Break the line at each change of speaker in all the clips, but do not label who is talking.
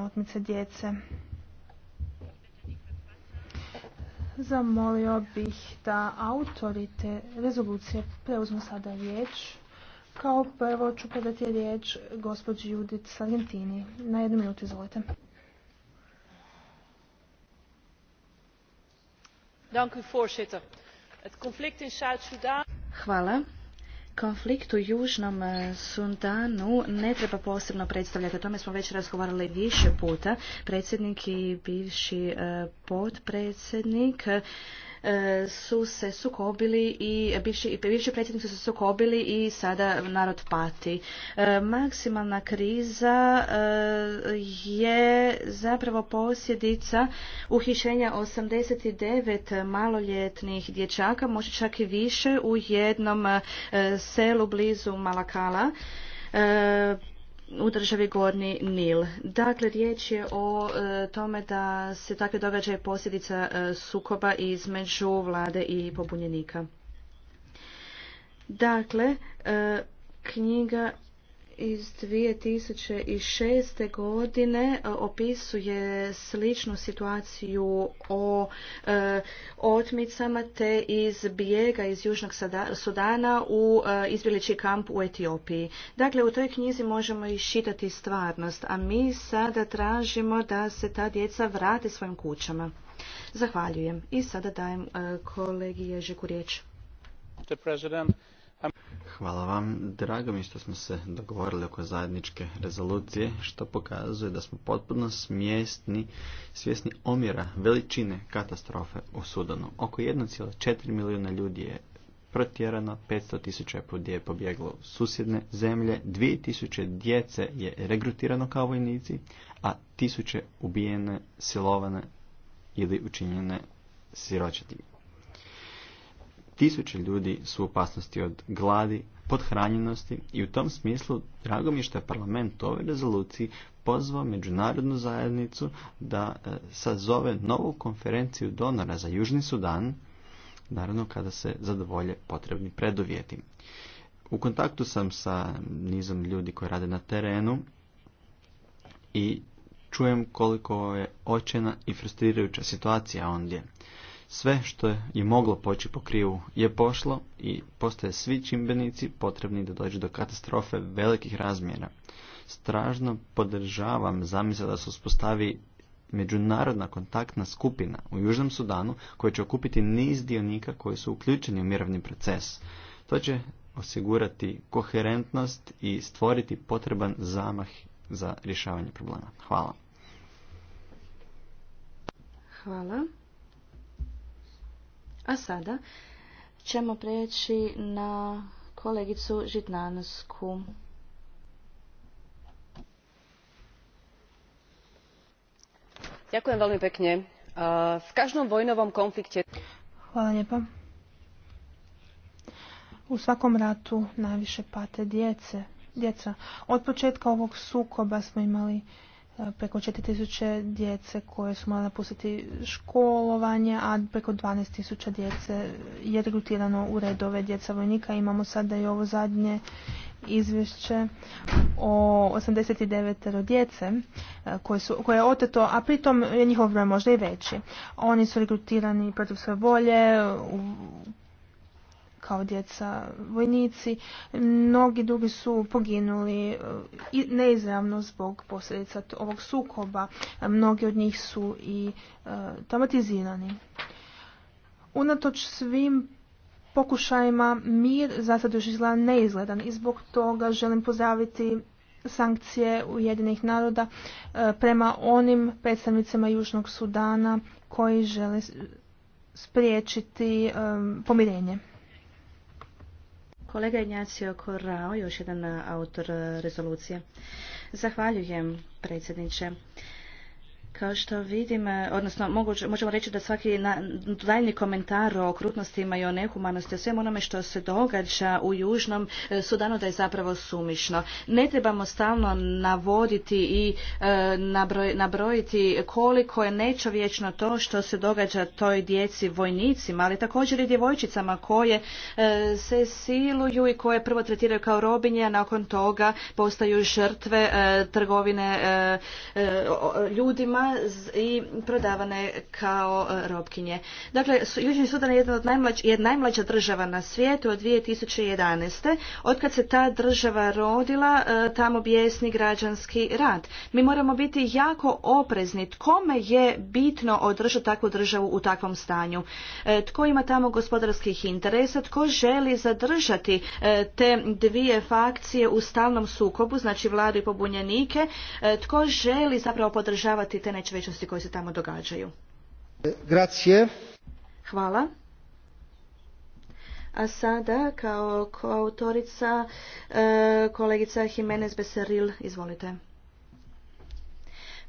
na otmice djece. Zamolio bih da autorite rezolucije preuzmu sada riječ. Kao prvo ću predati riječ gospođi judit Sargentini. Na jednu minutu
izvolite. Dank u voorzitter. Het Hvala. Konflikt u Južnom e, Sundanu ne treba posebno predstavljati. O tome smo već razgovarali više puta. Predsjednik i bivši e, potpredsjednik E, su se sukobili i bivši, predsjednici su se sukobili i sada narod pati. E, maksimalna kriza e, je zapravo posljedica uhišenja 89 maloljetnih dječaka, možda čak i više u jednom selu blizu Malakala u državi Gorni Nil. Dakle, riječ je o e, tome da se takve događaje posljedica e, sukoba između vlade i pobunjenika. Dakle, e, knjiga iz 2006. godine opisuje sličnu situaciju o e, otmicama te iz bijega iz Južnog Sudana u e, izbjeglički kamp u Etiopiji. Dakle, u toj knjizi možemo iščitati stvarnost, a mi sada tražimo da se ta djeca vrate svojim kućama. Zahvaljujem. I sada dajem e, kolegi Ježiku riječ.
Mr. President, Hvala
vam. Drago mi što smo se dogovorili oko zajedničke rezolucije, što pokazuje da smo potpuno smjestni, svjesni omjera veličine katastrofe u Sudanu. Oko 1,4 milijuna ljudi je protjerano, 500 tisuća je pobjeglo susjedne zemlje, 2000 djece je regrutirano kao vojnici, a tisuće ubijene, silovane ili učinjene siročetima tisuće ljudi su u opasnosti od gladi, podhranjenosti i u tom smislu drago mi je što je parlament u ovoj rezoluciji pozvao međunarodnu zajednicu da e, sazove novu konferenciju donora za Južni Sudan, naravno kada se zadovolje potrebni preduvjeti. U kontaktu sam sa nizom ljudi koji rade na terenu i čujem koliko je očena i frustrirajuća situacija ondje. Sve što je moglo poći po krivu je pošlo i postoje svi čimbenici potrebni da dođe do katastrofe velikih razmjera. Stražno podržavam zamisla da se uspostavi međunarodna kontaktna skupina u Južnom Sudanu koja će okupiti niz dionika koji su uključeni u mirovni proces. To će osigurati koherentnost i stvoriti potreban zamah za rješavanje problema. Hvala.
Hvala. A sada ćemo preći na kolegicu Žitnansku.
Ďakujem veľmi pekne. V každom vojnovom konflikte...
Hvala lijepa. U svakom ratu najviše pate djece. Djeca. Od početka ovog sukoba smo imali preko 4000 djece koje su morale napustiti školovanje, a preko 12000 djece je regrutirano u redove djeca vojnika. Imamo sada i ovo zadnje izvješće o 89 djece e, koje, su, koje je oteto, a pritom je njihov broj možda i veći. Oni su regrutirani protiv svoje volje, kao djeca vojnici. Mnogi drugi su poginuli e, neizravno zbog posljedica ovog sukoba. Mnogi od njih su i e, traumatizirani. Unatoč svim pokušajima mir za sad još izgleda neizgledan i zbog toga želim pozdraviti sankcije Ujedinih naroda e, prema onim predstavnicima Južnog Sudana koji žele spriječiti pomirenje.
Kolega Ignacio Corrao, još jedan autor rezolucije. Zahvaljujem, predsjedniče. Kao što vidim, e, odnosno možemo reći da svaki daljni komentar o krutnostima i o nehumanosti, o svemu onome što se događa u Južnom e, Sudanu, da je zapravo sumišno. Ne trebamo stalno navoditi i e, nabrojiti koliko je nečovječno to što se događa toj djeci vojnicima, ali također i djevojčicama koje se siluju i koje prvo tretiraju kao robinje, a nakon toga postaju žrtve trgovine ljudima i prodavane kao e, robkinje. Dakle, Južni Sudan je jedna od najmlađa, država na svijetu od 2011. kad se ta država rodila, e, tamo bijesni građanski rad. Mi moramo biti jako oprezni. Kome je bitno održati takvu državu u takvom stanju? E, tko ima tamo gospodarskih interesa? Tko želi zadržati te dvije fakcije u stalnom sukobu, znači vladu i pobunjenike? Tko želi zapravo podržavati te te koje se tamo događaju. Grazie. Hvala. A sada kao koautorica e, kolegica Jimenez Becerril, izvolite.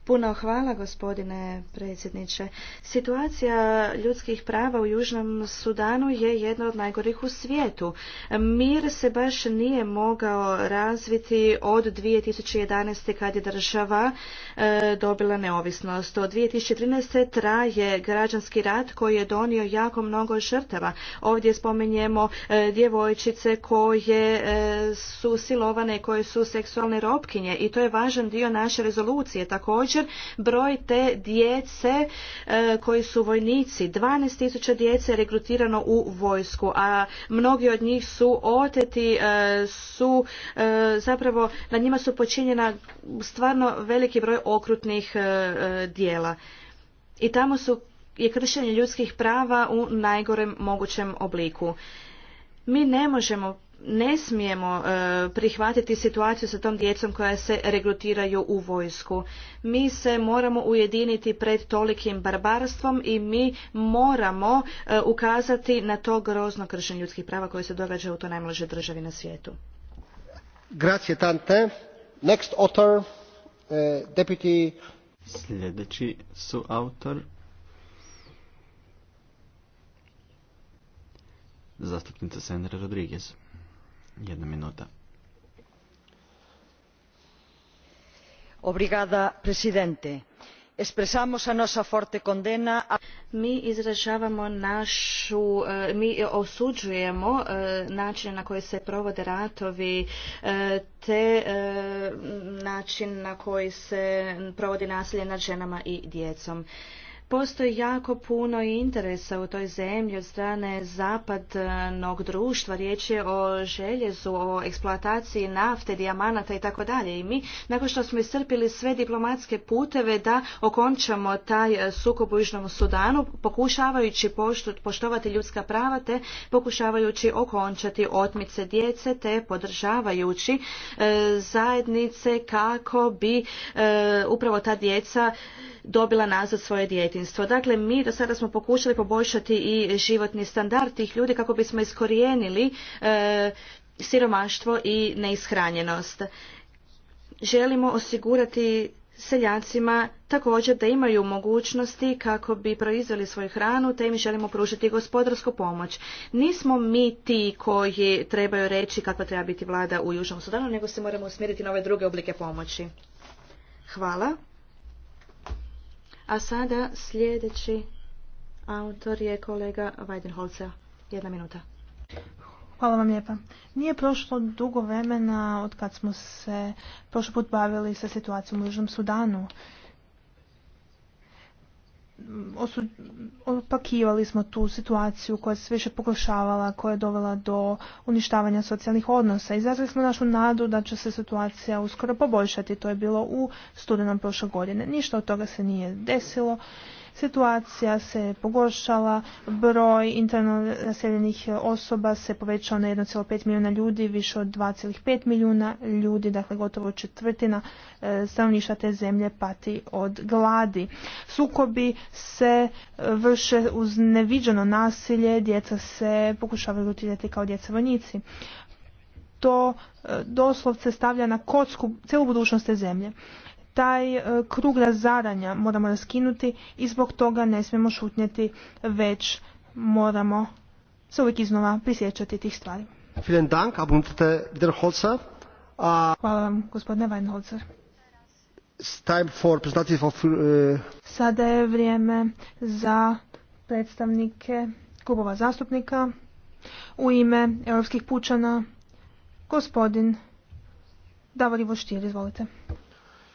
Puno hvala gospodine predsjedniče. Situacija ljudskih prava u Južnom Sudanu je jedna od najgorih u svijetu. Mir se baš nije mogao razviti od 2011. kad je država e, dobila neovisnost. Od 2013. traje građanski rat koji je donio jako mnogo žrtava. Ovdje spominjemo e, djevojčice koje e, su silovane, koje su seksualne ropkinje i to je važan dio naše rezolucije. Također broj te djece e, koji su vojnici. 12.000 djece je rekrutirano u vojsku, a mnogi od njih su oteti, e, su e, zapravo, na njima su počinjena stvarno veliki broj okrutnih dijela. I tamo su je kršenje ljudskih prava u najgorem mogućem obliku. Mi ne možemo ne smijemo e, prihvatiti situaciju sa tom djecom koja se regrutiraju u vojsku. Mi se moramo ujediniti pred tolikim barbarstvom i mi moramo e, ukazati na to grozno kršenje ljudskih prava koje se događa u toj najmlađoj državi na svijetu.
tante. E,
Sljedeći su autor. Zastupnica Rodriguez. Jedna minuta.
Obrigada, presidente. Expresamos a nosa forte condena a... Mi izražavamo našu, e, mi osuđujemo e, način na koji se provode ratovi, e, te način na koji se provodi nasilje nad ženama i djecom Postoji jako puno interesa u toj zemlji od strane zapadnog društva. Riječ je o željezu, o eksploataciji nafte, dijamanata i tako dalje. I mi, nakon što smo iscrpili sve diplomatske puteve da okončamo taj sukob u Sudanu, pokušavajući poštovati ljudska prava te pokušavajući okončati otmice djece te podržavajući e, zajednice kako bi e, upravo ta djeca dobila nazad svoje djeti Dakle, mi do sada smo pokušali poboljšati i životni standard tih ljudi kako bismo iskorijenili e, siromaštvo i neishranjenost. Želimo osigurati seljacima također da imaju mogućnosti kako bi proizveli svoju hranu te im želimo pružiti gospodarsku pomoć. Nismo mi ti koji trebaju reći kakva treba biti vlada u Južnom Sudanu, nego se moramo usmjeriti na ove druge oblike pomoći. Hvala. A sada sljedeći autor je kolega Weidenholzer. Jedna minuta.
Hvala vam lijepa. Nije prošlo dugo vremena od kad smo se prošli put bavili sa situacijom u Južnom Sudanu osu, opakivali smo tu situaciju koja se više pogoršavala, koja je dovela do uništavanja socijalnih odnosa. Izrazili smo našu nadu da će se situacija uskoro poboljšati. To je bilo u studenom prošle godine. Ništa od toga se nije desilo Situacija se pogoršala, broj interno naseljenih osoba se povećao na 1,5 milijuna ljudi, više od 2,5 milijuna ljudi, dakle gotovo četvrtina e, stanovništva te zemlje pati od gladi. Sukobi se e, vrše uz neviđeno nasilje, djeca se pokušavaju utirati kao djeca vojnici to e, doslovce stavlja na kocku celu budućnost te zemlje taj e, krug razaranja moramo raskinuti i zbog toga ne smijemo šutnjeti, već moramo se uvijek iznova prisjećati tih stvari. Hvala vam, gospodine
Weinholzer. Uh,
Sada je vrijeme za predstavnike klubova zastupnika. U ime europskih pučana, gospodin Davor Ivo Štir, izvolite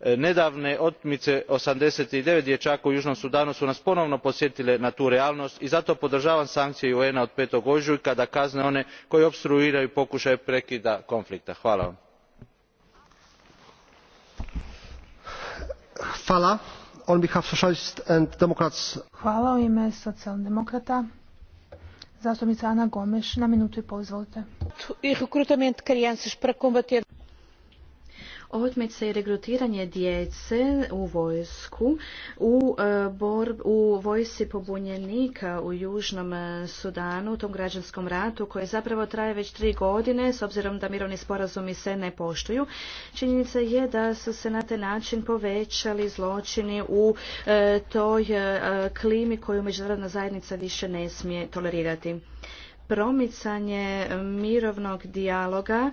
E, nedavne otmice eighty nine dječaka u južnom sudanu su nas ponovno posjetile na tu realnost i zato podržavam sankcije un a od. petog ožujka da kazne one koji obstruiraju pokušaje prekida konflikta. hvala
Hvala u ime socijaldemokrata. Zastupnica Ana Gomes, na minutu i pol, izvolite
otmice i regrutiranje djece u vojsku u, e, bor u vojsi pobunjenika u Južnom e, Sudanu, u tom građanskom ratu koji zapravo traje već tri godine s obzirom da mirovni sporazumi se ne poštuju. Činjenica je da su se na taj način povećali zločini u e, toj klimi koju međunarodna zajednica više ne smije tolerirati promicanje mirovnog dijaloga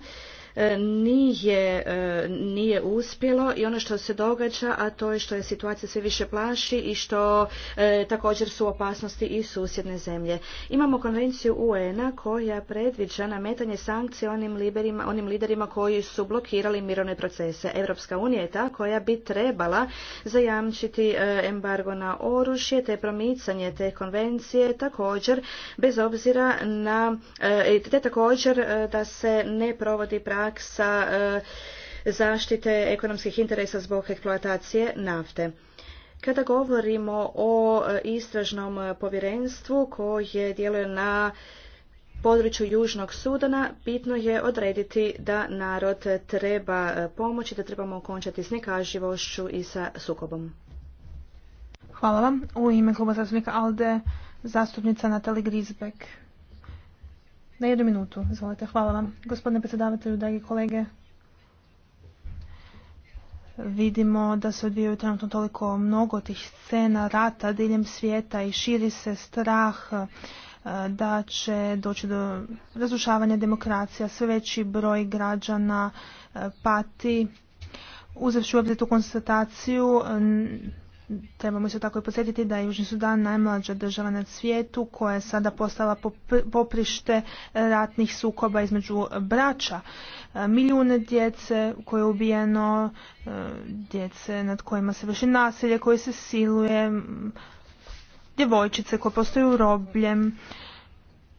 E, nije, e, nije uspjelo i ono što se događa, a to je što je situacija sve više plaši i što e, također su opasnosti i susjedne zemlje. Imamo konvenciju UN-a koja predviđa nametanje sankcije onim, onim liderima koji su blokirali mirovne procese. Europska unija je ta koja bi trebala zajamčiti embargo na oružje te promicanje te konvencije također bez obzira na te također da se ne provodi pravo praksa e, zaštite ekonomskih interesa zbog eksploatacije nafte. Kada govorimo o e, istražnom povjerenstvu koje djeluje na području Južnog Sudana, bitno je odrediti da narod treba e, pomoći, da trebamo okončati s nekaživošću i sa sukobom.
Hvala vam. U ime kluba zastupnika ALDE zastupnica Natali Grisbek. Na jednu minutu, izvolite. Hvala vam. Gospodine predsjedavatelju, dragi kolege, vidimo da se odvijaju trenutno toliko mnogo tih scena rata diljem svijeta i širi se strah eh, da će doći do razrušavanja demokracija, sve veći broj građana eh, pati. Uzevši u obzir tu konstataciju, Trebamo se tako i podsjetiti da je Južni Sudan najmlađa država na svijetu koja je sada postala poprište e, ratnih sukoba između braća. E, milijune djece koje je ubijeno, e, djece nad kojima se vrši nasilje, koje se siluje, djevojčice koje postaju robljem,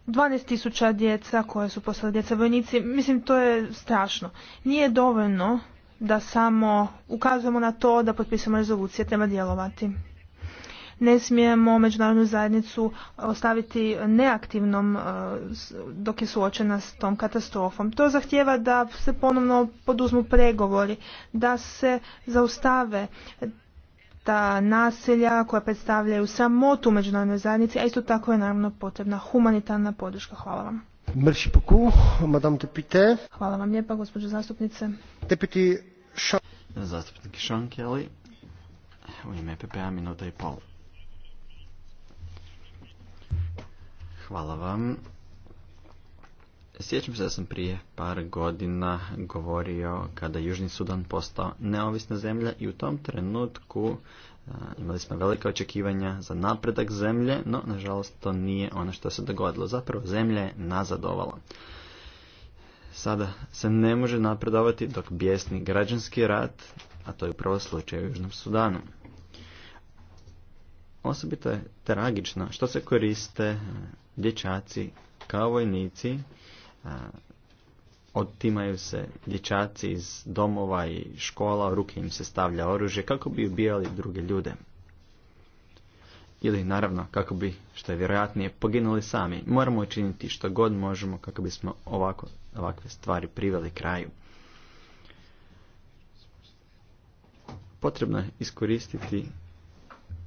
12.000 djeca koje su postale djeca vojnici. Mislim, to je strašno. Nije dovoljno da samo ukazujemo na to da potpisamo rezolucije, treba djelovati. Ne smijemo međunarodnu zajednicu ostaviti neaktivnom e, dok je suočena s tom katastrofom. To zahtjeva da se ponovno poduzmu pregovori, da se zaustave ta naselja koja predstavljaju samotu međunarodnoj zajednici, a isto tako je naravno potrebna humanitarna podrška. Hvala vam.
Merci beaucoup, madame
Hvala vam lijepa, gospođo zastupnice.
Deputy
Sean... Zastupnik Sean Kelly, u ime PPA minuta i pol. Hvala vam. Sjećam se da sam prije par godina govorio kada Južni Sudan postao neovisna zemlja i u tom trenutku Imali smo velike očekivanja za napredak zemlje, no nažalost to nije ono što se dogodilo. Zapravo zemlja je nazadovala. Sada se ne može napredovati dok bijesni građanski rat, a to je upravo slučaj u Južnom Sudanu. Osobito je tragično što se koriste e, dječaci kao vojnici otimaju se dječaci iz domova i škola, ruke im se stavlja oružje kako bi ubijali druge ljude. Ili naravno kako bi, što je vjerojatnije, poginuli sami. Moramo učiniti što god možemo kako bismo ovako, ovakve stvari priveli kraju. Potrebno je iskoristiti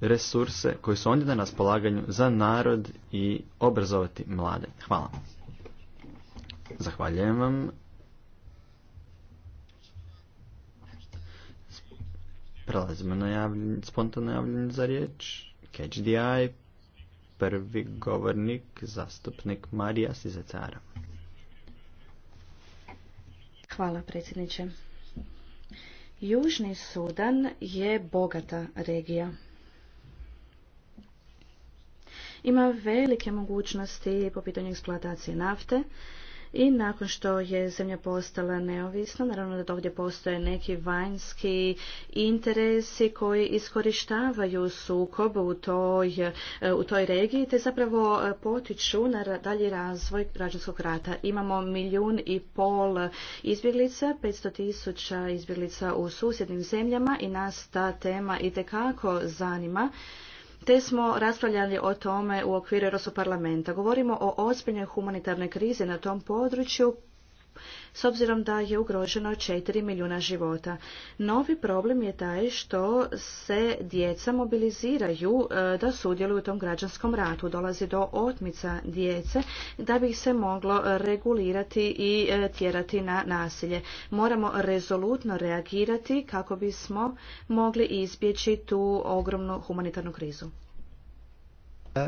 resurse koji su ondje na raspolaganju za narod i obrazovati mlade. Hvala. Zahvaljujem vam. Prelazimo na javljenje, spontano javljenje za riječ. Catch the Eye. Prvi govornik, zastupnik Marija Sizecara.
Hvala predsjedniče. Južni Sudan je bogata regija. Ima velike mogućnosti po pitanju eksploatacije nafte, i nakon što je zemlja postala neovisna, naravno da ovdje postoje neki vanjski interesi koji iskorištavaju sukob u toj, u toj regiji te zapravo e, potiču na dalji razvoj građanskog rata. Imamo milijun i pol izbjeglica, 500 tisuća izbjeglica u susjednim zemljama i nas ta tema itekako zanima te smo raspravljali o tome u okviru Europskog parlamenta. Govorimo o ozbiljnoj humanitarnoj krizi na tom području s obzirom da je ugroženo 4 milijuna života. Novi problem je taj što se djeca mobiliziraju e, da sudjeluju u tom građanskom ratu. Dolazi do otmica djece da bi ih se moglo regulirati i e, tjerati na nasilje. Moramo rezolutno reagirati kako bismo mogli izbjeći tu ogromnu humanitarnu krizu.
E,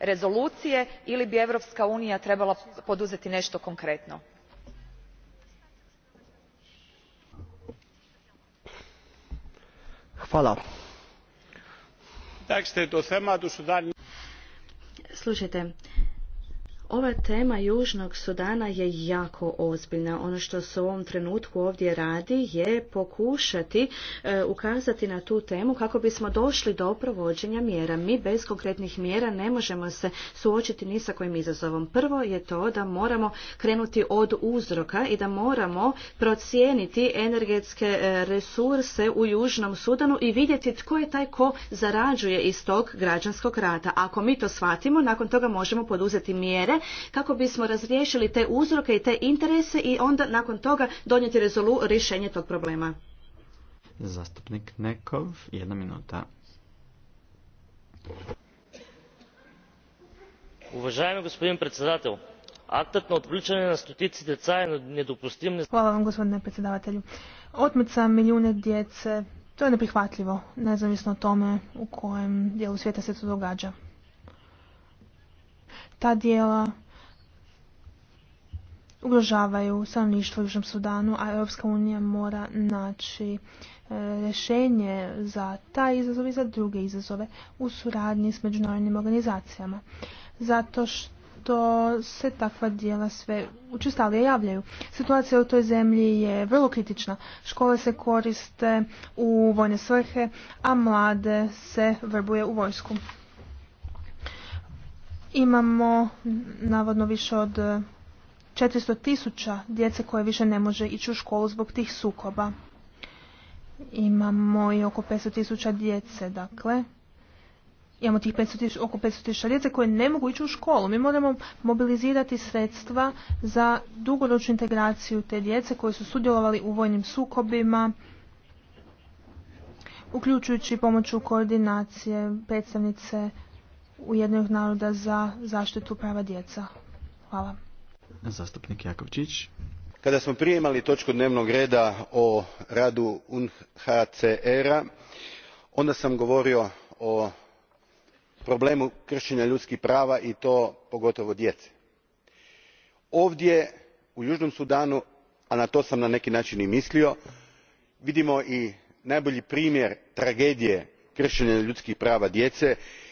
rezolucije ili bi europska unija trebala poduzeti nešto konkretno?
Dakle,
ova tema Južnog Sudana je jako ozbiljna. Ono što se u ovom trenutku ovdje radi je pokušati e, ukazati na tu temu kako bismo došli do provođenja mjera. Mi bez konkretnih mjera ne možemo se suočiti ni sa kojim izazovom. Prvo je to da moramo krenuti od uzroka i da moramo procijeniti energetske e, resurse u Južnom Sudanu i vidjeti tko je taj ko zarađuje iz tog građanskog rata. Ako mi to shvatimo, nakon toga možemo poduzeti mjere kako bismo razriješili te uzroke i te interese i onda nakon toga donijeti rezolu rješenje tog problema.
Zastupnik Nekov, jedna minuta.
Уважаеми господин председател, актът od отвличане на Hvala
vam gospodine predsjedavatelju. Otmica milijune djece, to je neprihvatljivo, nezavisno o tome u kojem dijelu svijeta se to događa ta dijela ugrožavaju stanovništvo u Južnom Sudanu, a Europska unija mora naći e, rješenje za taj izazov i za druge izazove u suradnji s međunarodnim organizacijama. Zato što se takva dijela sve učestalije javljaju. Situacija u toj zemlji je vrlo kritična. Škole se koriste u vojne svrhe, a mlade se vrbuje u vojsku. Imamo navodno više od 400 e, tisuća djece koje više ne može ići u školu zbog tih sukoba. Imamo i oko 500 tisuća djece, dakle. Imamo tih oko 500 tisuća djece koje ne mogu ići u školu. Mi moramo mobilizirati sredstva za dugoročnu integraciju te djece koje su sudjelovali u vojnim sukobima, uključujući pomoću koordinacije predstavnice Ujednog naroda za zaštitu prava djeca. Hvala.
Zastupnik Jakovčić. Kada smo prijemali točku dnevnog reda o radu UNHCR-a, onda sam govorio o problemu kršenja ljudskih prava i to pogotovo djece. Ovdje u Južnom Sudanu, a na to sam na neki način i mislio, vidimo i najbolji primjer tragedije kršenja ljudskih prava djece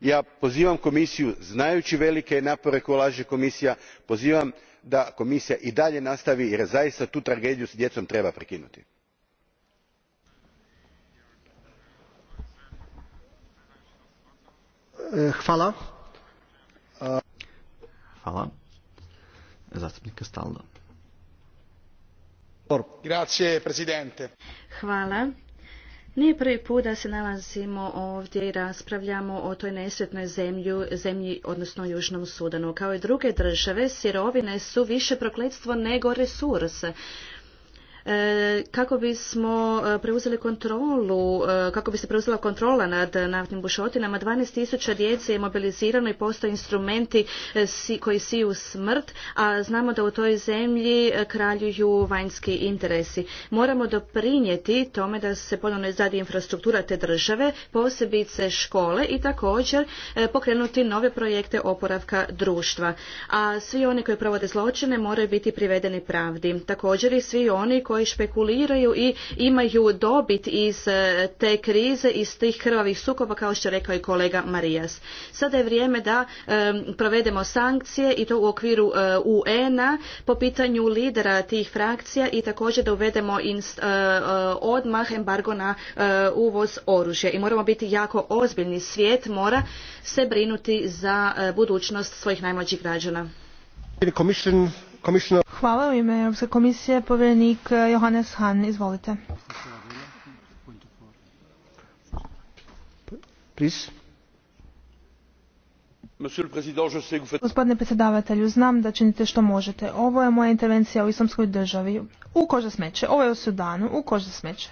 ja pozivam komisiju znajući velike napore koje ulaže komisija pozivam da komisija i dalje nastavi jer zaista tu tragediju s djecom treba prekinuti.
E,
nije prvi put da se nalazimo ovdje i raspravljamo o toj nesretnoj zemlji, zemlji, odnosno Južnom Sudanu. Kao i druge države, sirovine su više prokletstvo nego resurse. E, kako bismo e, preuzeli kontrolu, e, kako bi se preuzela kontrola nad naftnim bušotinama, 12.000 djece je mobilizirano i postoje instrumenti koji siju smrt, a znamo da u toj zemlji kraljuju vanjski interesi. Moramo doprinijeti tome da se ponovno izradi infrastruktura te države, posebice škole i također pokrenuti nove projekte oporavka društva. A svi oni koji provode zločine moraju biti privedeni pravdi. Također i svi oni koji špekuliraju i imaju dobit iz e, te krize, iz tih krvavih sukoba kao što je rekao i kolega Marijas. Sada je vrijeme da e, provedemo sankcije i to u okviru e, UN-a po pitanju lidera tih frakcija i također da uvedemo odmah embargo na uvoz oružja. I moramo biti jako ozbiljni. Svijet mora se brinuti za budućnost svojih najmlađih građana.
Hvala u ime Europske
komisije, povjerenik eh, Johannes Hahn, izvolite. Gospodine predsjedavatelju, znam da činite što možete. Ovo je moja intervencija u islamskoj državi. U koža smeće. Ovo je u Sudanu. U koža smeće.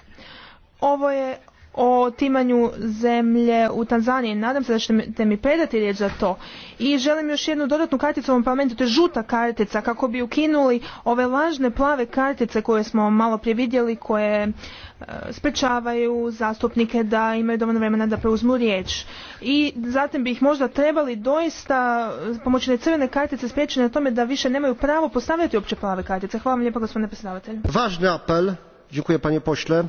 Ovo je o timanju zemlje u Tanzaniji. Nadam se da ćete mi predati riječ za to. I želim još jednu dodatnu karticu u ovom parlamentu, to je žuta kartica, kako bi ukinuli ove lažne plave kartice koje smo malo prije vidjeli, koje e, sprečavaju zastupnike da imaju dovoljno vremena da preuzmu riječ. I zatim bi ih možda trebali doista e, pomoćne crvene kartice spriječiti na tome da više nemaju pravo postavljati uopće plave kartice. Hvala vam lijepa gospodine predsjedavatelju.
Važni apel. Dziękuję panie pośle.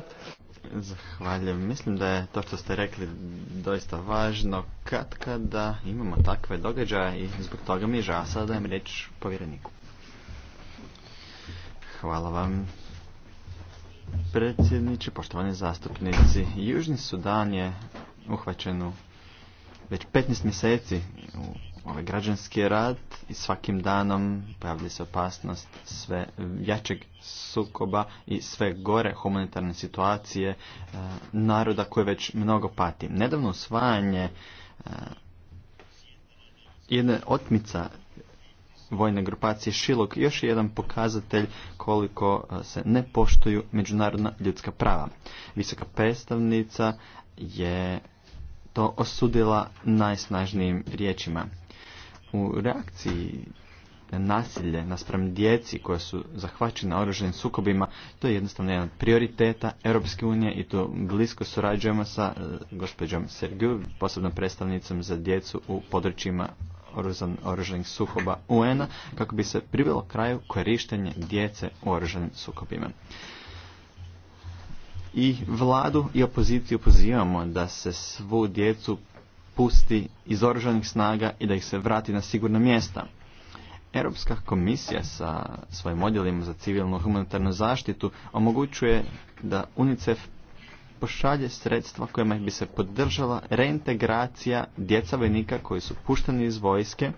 Zahvaljujem.
Mislim da je to što ste rekli doista važno kad kada imamo takve događaje i zbog toga mi je žao sada dajem riječ povjereniku. Hvala vam. Predsjedniče, poštovani zastupnici, Južni Sudan je uhvaćen u već 15 mjeseci u ovaj građanski rad i svakim danom pojavlja se opasnost sve jačeg sukoba i sve gore humanitarne situacije eh, naroda koje već mnogo pati. Nedavno usvajanje eh, jedne otmica vojne grupacije Šilog još je jedan pokazatelj koliko eh, se ne poštuju međunarodna ljudska prava. Visoka predstavnica je to osudila najsnažnijim riječima u reakciji na nasilje naspram djeci koja su zahvaćena oružanim sukobima, to je jednostavno jedan od prioriteta Europske unije i to blisko surađujemo sa e, gospođom Sergiju, posebnom predstavnicom za djecu u područjima oružanih sukoba UN-a, kako bi se privelo kraju korištenje djece u oružanim sukobima i vladu i opoziciju pozivamo da se svu djecu pusti iz oružanih snaga i da ih se vrati na sigurna mjesta. Europska komisija sa svojim odjelima za civilnu humanitarnu zaštitu omogućuje da UNICEF pošalje sredstva kojima bi se podržala reintegracija djeca vojnika koji su pušteni iz vojske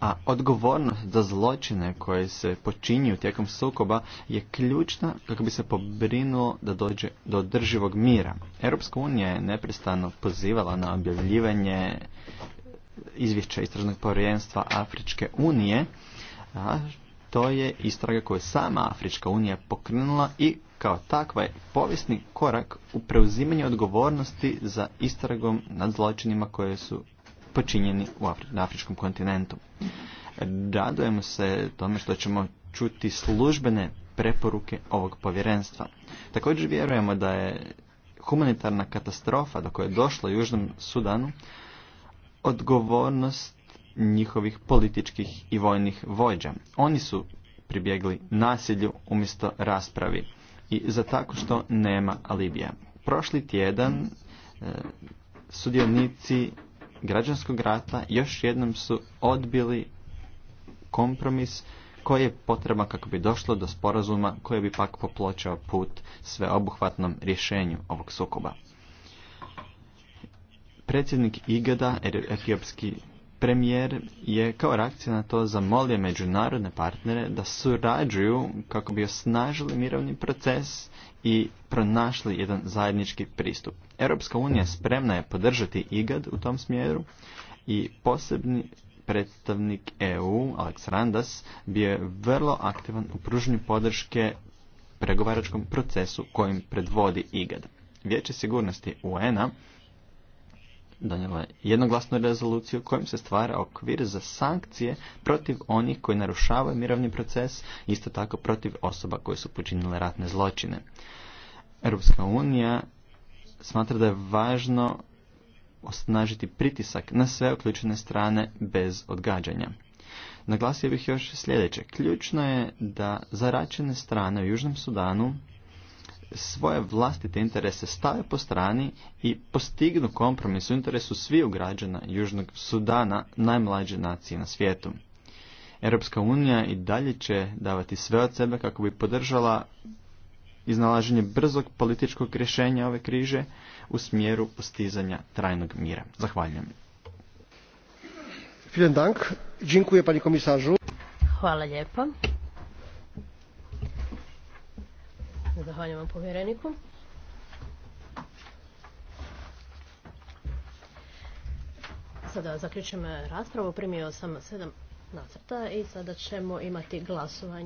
a odgovornost za zločine koje se počinju tijekom sukoba je ključna kako bi se pobrinulo da dođe do održivog mira. Europska unija je neprestano pozivala na objavljivanje izvješća Istražnog povjerenstva Afričke unije, a to je istraga koju je sama Afrička unija pokrenula i kao takva je povijesni korak u preuzimanju odgovornosti za istragom nad zločinima koje su počinjeni na afričkom kontinentu. Radujemo se tome što ćemo čuti službene preporuke ovog povjerenstva. Također vjerujemo da je humanitarna katastrofa do koje je došla Južnom Sudanu odgovornost njihovih političkih i vojnih vođa. Oni su pribjegli nasilju umjesto raspravi i za tako što nema alibija. Prošli tjedan e, sudionici građanskog rata još jednom su odbili kompromis koji je potreba kako bi došlo do sporazuma koji bi pak popločao put sveobuhvatnom rješenju ovog sukoba. Predsjednik Igada, etiopski premijer, je kao reakcija na to zamolio međunarodne partnere da surađuju kako bi osnažili mirovni proces i pronašli jedan zajednički pristup. Europska unija spremna je podržati IGAD u tom smjeru i posebni predstavnik EU, Alex Randas, bio je vrlo aktivan u pružnju podrške pregovaračkom procesu kojim predvodi IGAD. Vijeće sigurnosti UN-a donijela jednoglasnu rezoluciju kojim se stvara okvir za sankcije protiv onih koji narušavaju mirovni proces, isto tako protiv osoba koje su počinile ratne zločine. Europska unija smatra da je važno osnažiti pritisak na sve uključene strane bez odgađanja. Naglasio bih još sljedeće. Ključno je da zaračene strane u Južnom Sudanu svoje vlastite interese stave po strani i postignu kompromis u interesu svih građana Južnog Sudana, najmlađe nacije na svijetu. Europska unija i dalje će davati sve od sebe kako bi podržala iznalaženje brzog političkog rješenja ove križe u smjeru postizanja trajnog mira. Zahvaljujem.
Hvala lijepo.
Zahvaljujem vam povjereniku. Sada zaključujem raspravu. Primio sam sedam nacrta i sada ćemo imati glasovanje.